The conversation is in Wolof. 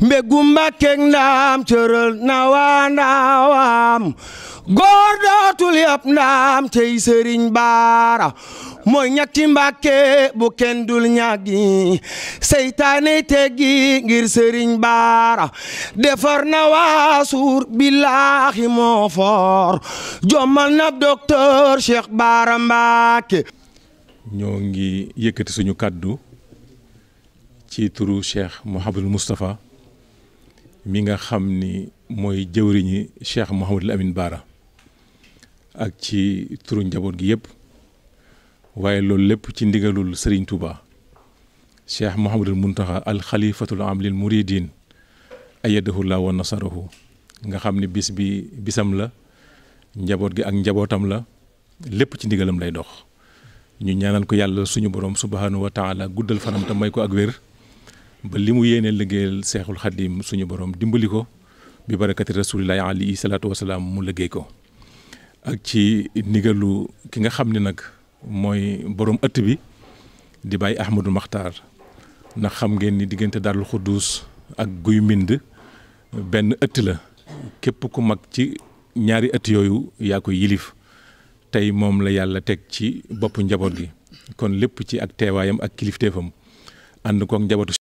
mbégum mbàkkeeg ndaam cëral na waa ndaawaam góor dootul yab ndaam tey sëriñ baara mooy ñetti mbàkke bu kenn ñaggi seytaane teggi ngir sëriñ baara defar na waasuur billaahi moo foor jommal na docteur Cheikh Baara Mbàkke ñoo ngi yëkkati suñu kàddu ci turu Cheikh Mouhamadul Moustapha mi nga xam ni mooy jëwriñi Cheikh Mouhamadul Amin Baara ak ci turu njaboot gi yëpp waaye loolu lépp ci ndigalul Serigne Touba Cheikh Mouhamadul Muntaxa al xalifatul am lil muridin ayadahullah wa nasarahu nga xam ni bis bi bisam la njaboot gi ak njabootam la lépp ci ndigalam lay dox ñu ñaanal ko yàlla suñu borom subhanahu wa taala guddal fanam te may ko ak wér ba li mu yéene liggéeyal seexul xaddim suñu boroom dimbali ko bi barakati rasulillahi alayhi salaatu wasalaam mu liggéey ko ak ci ndigalu ki nga xam ne nag mooy boroom ëtt bi di bàyyi Ahmadou Maxtaar ndax xam ngeen ni diggante Daarul Xudduus ak guy mbind benn ëtt la képp ku mag ci ñaari ëtt yooyu yaa ko yilif tey moom la yàlla teg ci boppu njaboot gi kon lépp ci ak teewaayam ak kilifteefam ànd kook njabootu